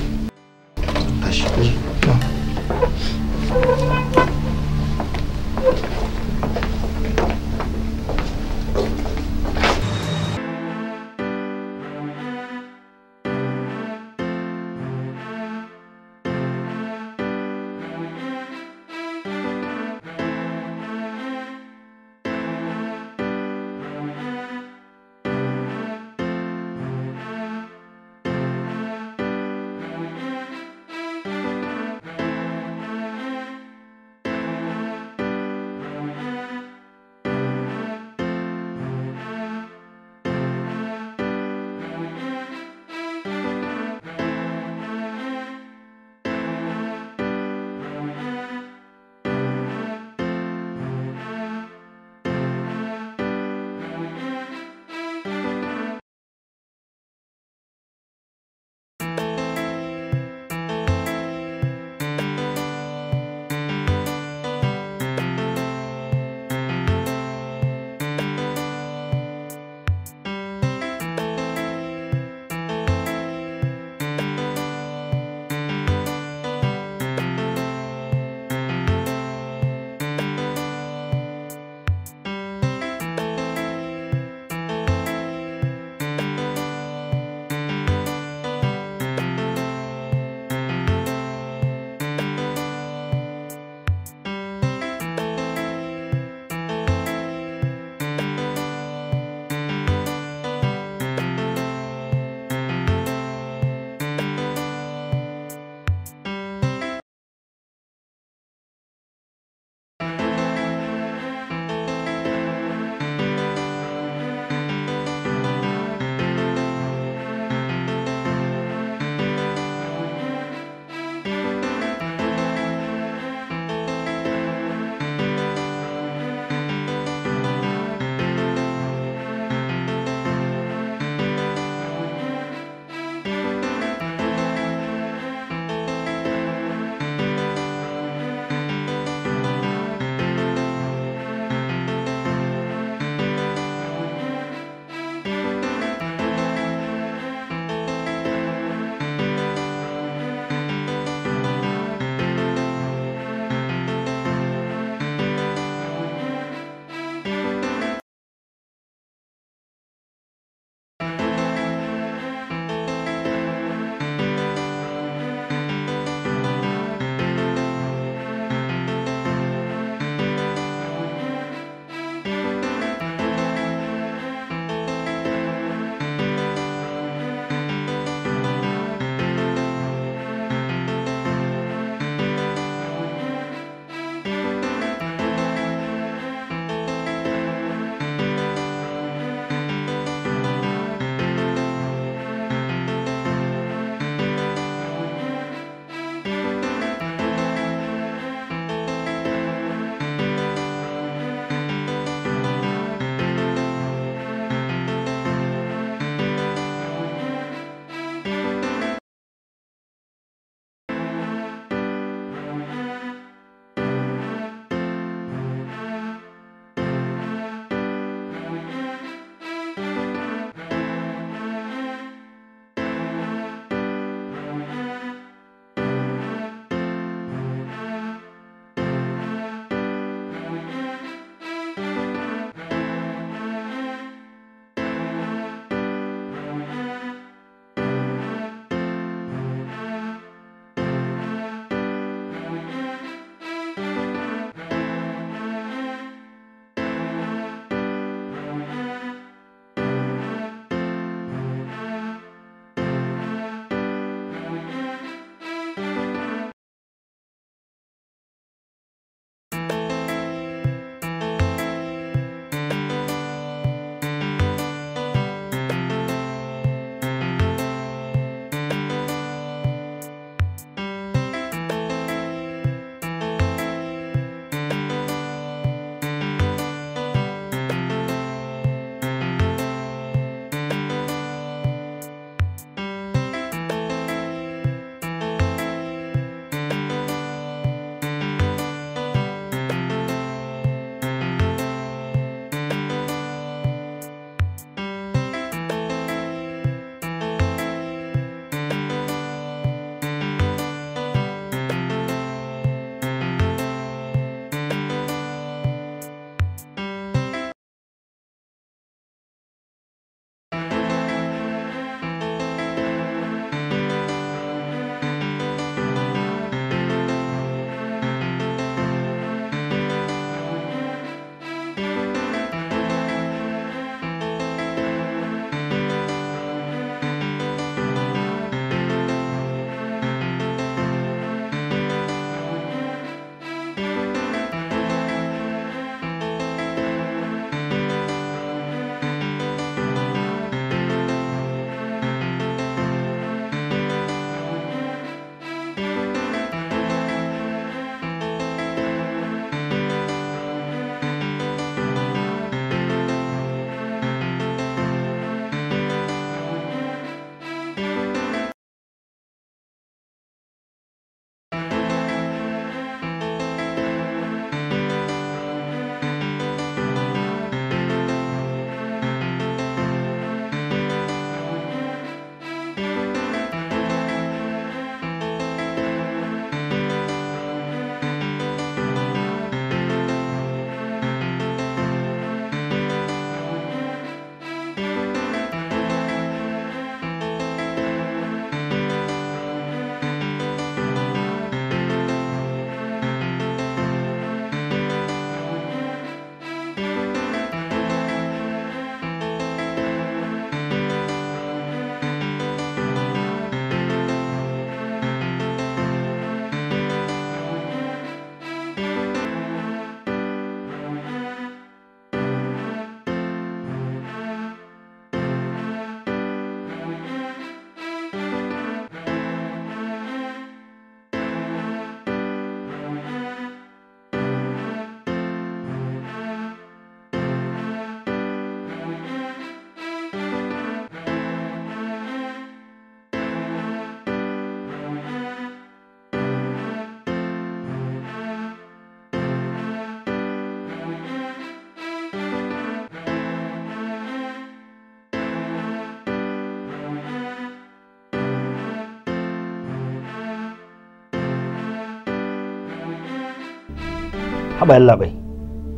haba yalla bai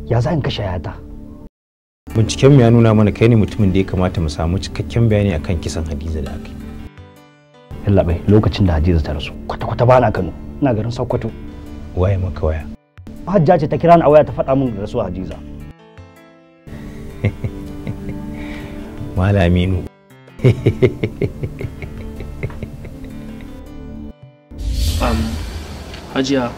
ya za in kashe yata binciken ya nuna mana kai ne mutumin da ya kamata mu samu cikakken bayani akan kisan hadiza da aka yi yalla bai lokacin da hadiza ta rasu kwata kwata bana kano ina garin sokoto waye maka waya hajja ce ta kira ni a waya ta faɗa min da rasuwa hadiza [laughs] malaminu um, hajiya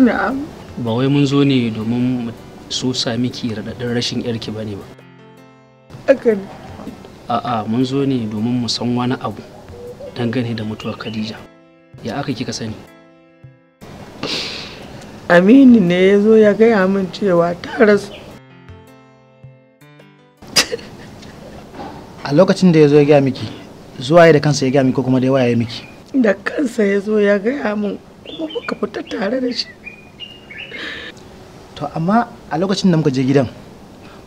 na'am ba wai mun zo ne domin so sami miki raɗaɗin rashin yarki ba ne ba a'a mun zo ne domin mu san wani abu dangane da mutuwar khadija ya aka kika sani aminu ne ya zo ya gaya min cewa ta rasu a lokacin da ya zo ya gaya miki zuwa ya da kansa ya gaya miki ko kuma da yawa ya miki da kansa ya zo ya gaya min kuma muka fita tare da shi to amma a lokacin da muka je gidan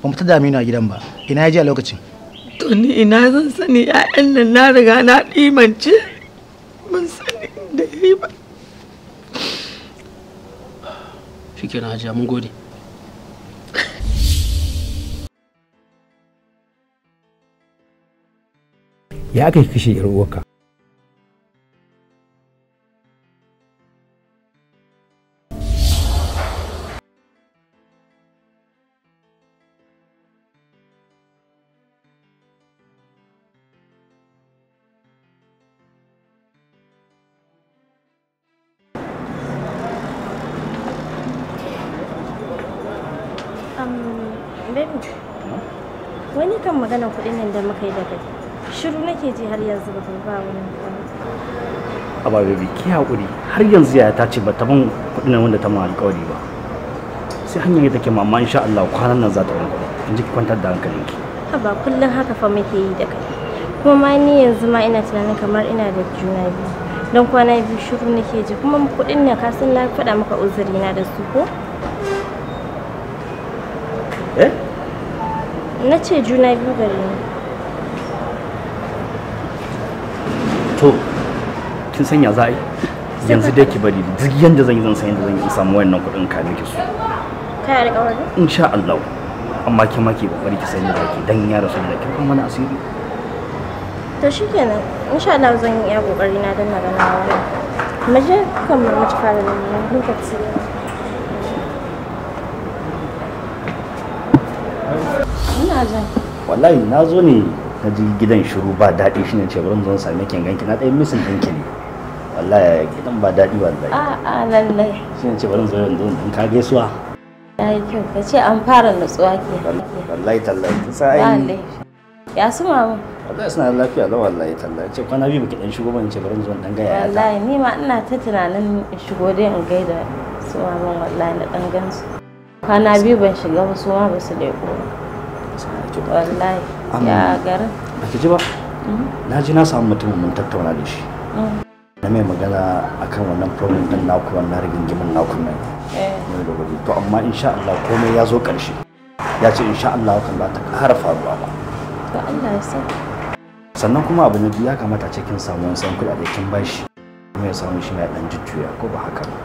ba mu ta dami na a gidan ba ina ya je a lokacin to ni ina zan sani ya'yan nan na riga na ɗimance mun sani da yi ba na hajiya mun gode ya aka kishe yar uwarka haba baby ki haƙuri har yanzu yaya ta ce ba ta ban kuɗin nan wanda ta ma alƙawari ba sai hanyar da take mamma insha Allah kwanan nan za ta ban kuɗi in ji kwantar da hankalinki haba kullum haka fa muke yi da kai kuma ma ni yanzu ma ina tunanin kamar ina da juna biyu don kwana biyu shiru nake ji kuma kuɗin nan ka san na faɗa maka uzuri na da su ko eh na ce juna biyu gare ni kin sanya za a yi yanzu dai ki bari duk yanda zan yi zan san yanda zan yi in samu wayannan kuɗin ka miki su kai alƙawari insha Allah amma ke ma ki kokari ki sanya zaki dan ya rasu da kin kuma na asiri to shikenan insha Allah zan yi iya kokari na dan na ga na mu je kan mu ci fara lokaci ina jin wallahi na zo ne na ji gidan shiru ba daɗi shine ce bari zan same kin ganki na ɗaya misin ɗinki ne wallahi gidan ba daɗi wallahi a a lallai shi ne ce barin zo yanzu in ka gaisuwa ya yi kyau ka ce an fara nutsuwa ke wallahi tallahi ta sa ai ya su mamu wallahi suna lafiya la wallahi tallahi ce kwana biyu baki dan shigo ban ce barin zo dan gaya ya wallahi ni ma ina ta tunanin shigo dai in gaida su mamu wallahi na dan gansu kwana biyu ban shiga ba su ma ba su leko wallahi ya garin baki ji ba mm-hmm. na ji na samu mutumin mun tattauna da shi mm. na mai magana a kan wannan problem din naku wannan rigingimin naku nan eh. yau da to amma insha Allah komai ya zo karshe ya ce insha Allah kan ba ta ƙara faruwa ba to Allah ya sa sannan kuma abu na biya kamata ce kin samu wani san kuɗaɗe kin bashi kuma ya samu shi mai dan jujjuya ko ba haka ba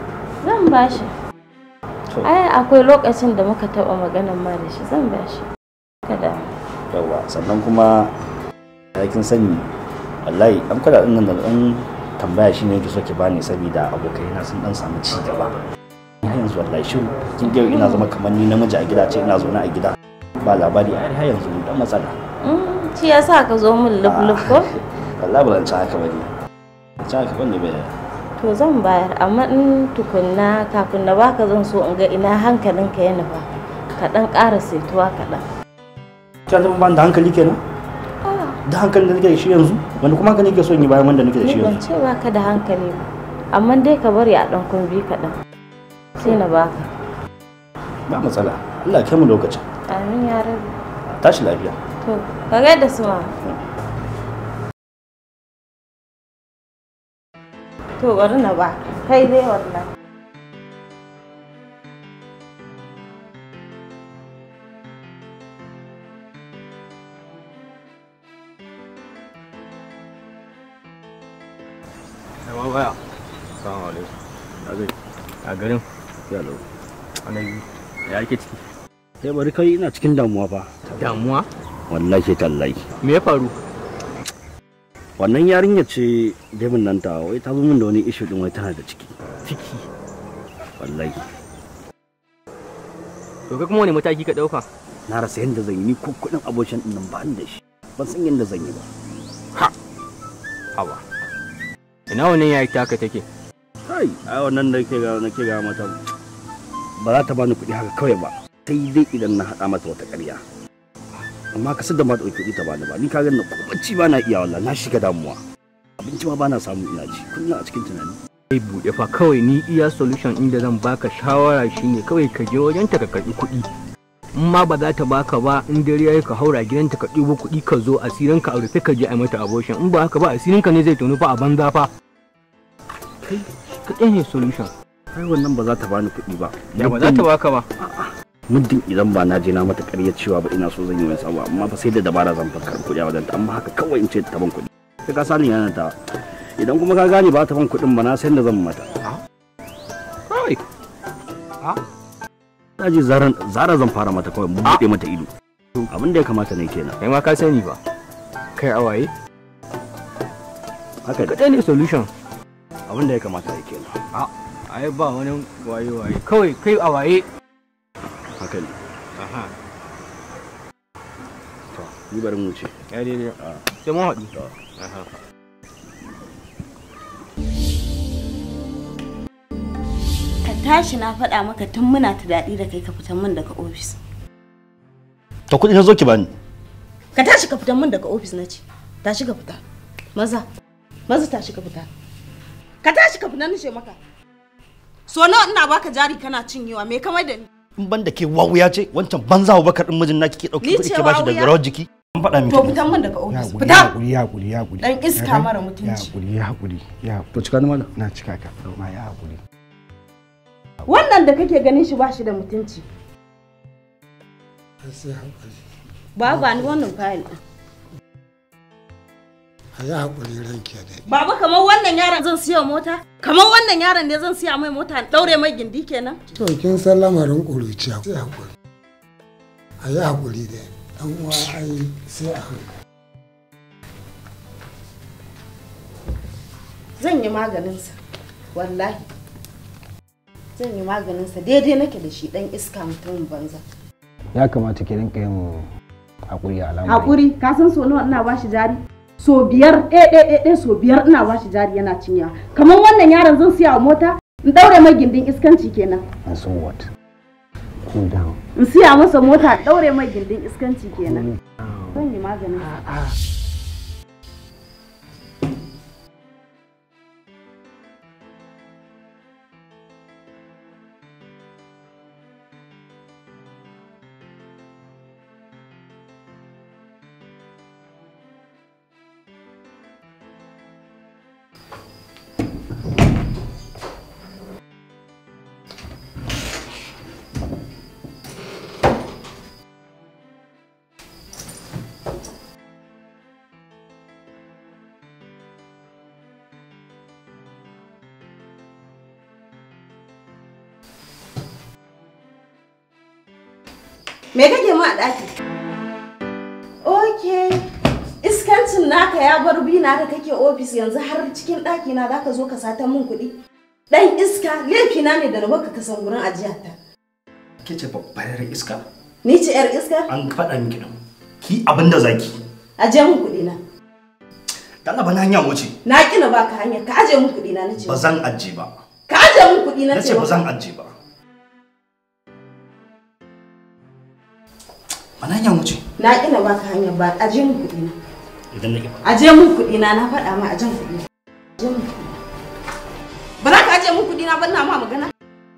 zan bashi ai akwai lokacin da muka taɓa maganar ma da shi zan bashi kada yawa sannan kuma ya kin sani wallahi an kuɗaɗen nan da an tambaya shine yake so ki bani saboda abokai na sun dan samu ci gaba har yanzu wallahi shiru kin ga ina zama kamar ni namiji a gida ce ina zaune a gida ba labari har har yanzu dan matsala mm, shi yasa ka zo min lublub ko [laughs] wallahi ba ci haka bane ci haka bane ba to zan bayar amma in tukunna kafin na baka zan so in ga ina hankalinka ya nufa ka dan ƙara saituwa kaɗan. Ta zama ban da hankali kenan? da hankali da nake da shi yanzu wani kuma hankali nake so in yi bayan wanda nake da shi yanzu ban ce ka da hankali amma dai ka bari a dan bi kaɗan sai na baka ba matsala Allah kai mu lokacin amin ya rabu tashi lafiya to ka ga da suwa to bari na ba kai dai wallahi garin yalo anayi ya ake ciki sai eh, bari kai ina cikin damuwa fa damuwa wallahi tallahi me ya faru wannan yarinya ce mun nan ta wai ta zo min da wani issue din wai tana da ciki ciki wallahi to ga kuma wani mataki ka dauka na rasa yanda zan yi ni ko kudin abokin din nan ba ni da shi ban san yanda zan yi ba ha haba ina wannan yayi taka take kai a wannan da ke ga nake ga mata ba za ta bani kuɗi haka kawai ba sai dai idan na haɗa mata wata ƙarya amma ka sadda ma ɗauki kuɗi ta bani ba ni ka ga na kubanci ba na iya wallahi na shiga damuwa abinci ma ba na samu ina ci kullum a cikin tunani kai buɗe fa kawai ni iya solution inda zan baka shawara shine kawai ka je wajen ta ka karɓi kuɗi in ma ba za ta baka ba in dare yayi ka haura gidan ta ka ɗibo kuɗi ka zo asirin ka a rufe ka je a mata abortion in ba haka ba asirin ka ne zai tono fa a banza fa kaɗai ne solution ai wannan ba za ta bani kuɗi ba ya ba za ta baka ba muddin idan ba na je na mata ƙarya cewa ba ina so zan yi wani abu amma fa sai da dabara zan fakar kuɗi a wajen ta amma haka kawai in ce ta ban kuɗi sai ka sani yana ta idan kuma ka gane ba ta ban kuɗin ba na san da zan mata kawai ta je zara zan fara mata kawai mun buɗe mata ido abin da ya kamata ne kenan kai ma ka sani ba kai awaye haka ne solution abin da ya kamata yi kenan a ai ba wani waye waye kawai kai a waye haka ne aha ni bari mu wuce ya daidai ah. sai mun haɗu aha tashi na faɗa maka tun muna ta daɗi da kai ka fitan min daga ofis. ta kuɗi ta zo ki bani. Ka tashi ka fitan min daga ofis na ce. Tashi ka fita. Maza. Maza tashi ka fita. ka tashi ka fita nishe maka so nawa ina baka jari kana cinyewa me kamar da ni in ban da ke wawuya ce wancan banza wa bakar din mijin naki ke dauki kudi ke bashi da rawar jiki an faɗa miki to fitan min daga ofis fita hakuri ya hakuri ya hakuri dan iska mara mutunci ya hakuri ya hakuri ya to cika ni mallam na cika ka ma ya hakuri wannan da kake ganin shi bashi da mutunci ba ba ni wannan fayil din a yi haƙuri ranke dai. Baba kamar wannan yaron zan siya mota? Kamar wannan yaron ne zan siya mai mota in ɗaure mai gindi kenan? To kin san lamarin ƙuruciya sai haƙuri. A yi haƙuri dai. Ɗan uwa ai sai a hankali. Zan yi maganinsa, wallahi. Zan yi maganinsa daidai nake da shi ɗan iska mutumin banza. Ya kamata ki rinka yin haƙuri a lamari. Haƙuri, ka san so nawa ina ba shi jari? so biyar ɗaya eh, eh, eh, so biyar ina bashi jari yana cinya kamar wannan yaron zan siya wa mota in ɗaure mai gindin iskanci kenan a so what cool down in siya masa mota ɗaure mai gindin iskanci kenan zan yi maganin Me kake mu a ɗaki? Okay. Iskancin naka ya bar bi na da kake ofis yanzu har cikin ɗakina na ka zo ka sata min kuɗi. Dan iska laifina na ne da na baka kasan gurin ajiyar ta. Ke ce babbar iska? Ni ce yar iska? An faɗa miki dan. Ki abinda zaki. Aje min kuɗi na. Dan abin hanya wuce. Na kina baka hanya ka aje min kuɗi na nace. Ba zan aje ba. Ka aje min kuɗi na ce. Nace ba zan aje ba. Wani hanyar wuce? Na ƙina baka hanyar ba, a je mun kuɗi na. Idan aje ƙi A je mun kuɗi na, na faɗa ma a je kuɗi. Ba za ka aje mun kuɗi na ba na ma magana.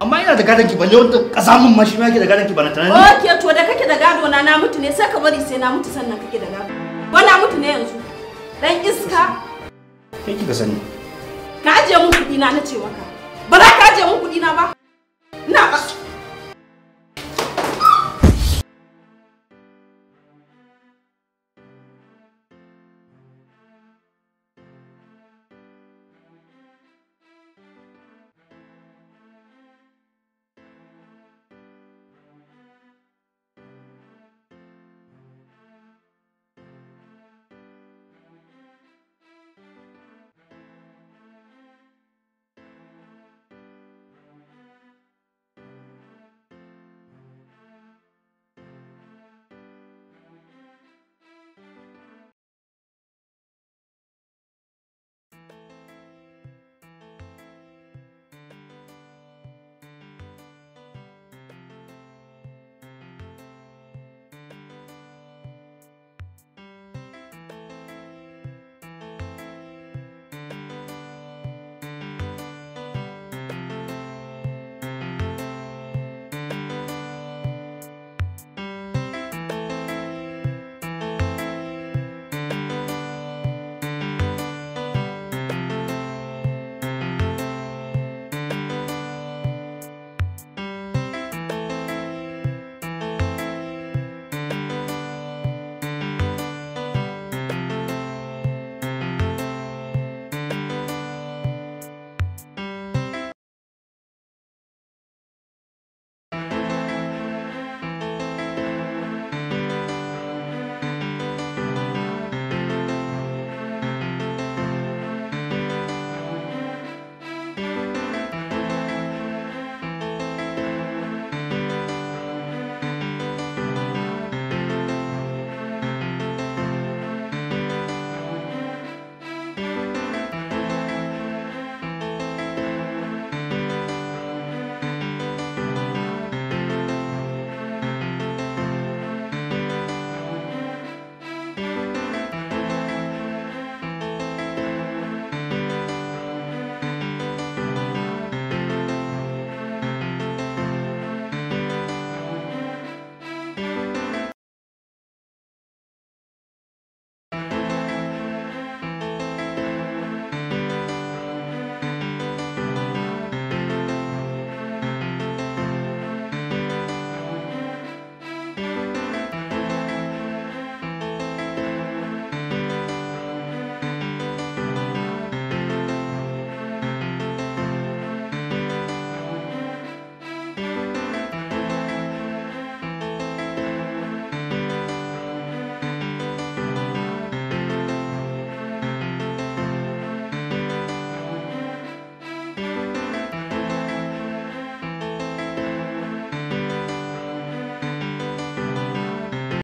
Amma ina da gadon ki ban wanda ƙasa mun ma shi ma yake da gadon ki ba na tunani. Oke to da kake da gado na na mutu ne sai ka bari sai na mutu sannan kake da gado. Ko na mutu ne yanzu. Dan iska. Kai kika sani. Ka aje mu kuɗi na na ce maka. Ba za ka aje mu kuɗi na ba. Ina ƙasa.